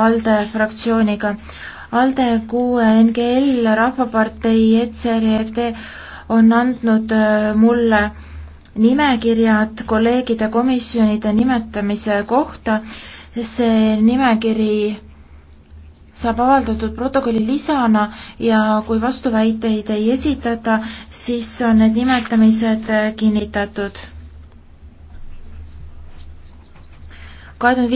ALDE fraktsiooniga. ALDE, QE, NGL, Rahvapartei, ETSER ja EFD on andnud äh, mulle nimekirjad kolleegide komisjonide nimetamise kohta. see nimekiri saab avaldatud protokolli lisana ja kui vastuväiteid ei esitata, siis on need nimetamised äh, kinnitatud. kahe tuhande